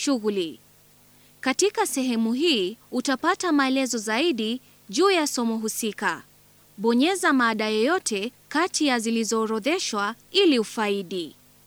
shughuli. Katika sehemu hii utapata maelezo zaidi juu ya somo husika. Bonyeza maada yoyote kati ya zilizoorodheshwa ili ufaidi.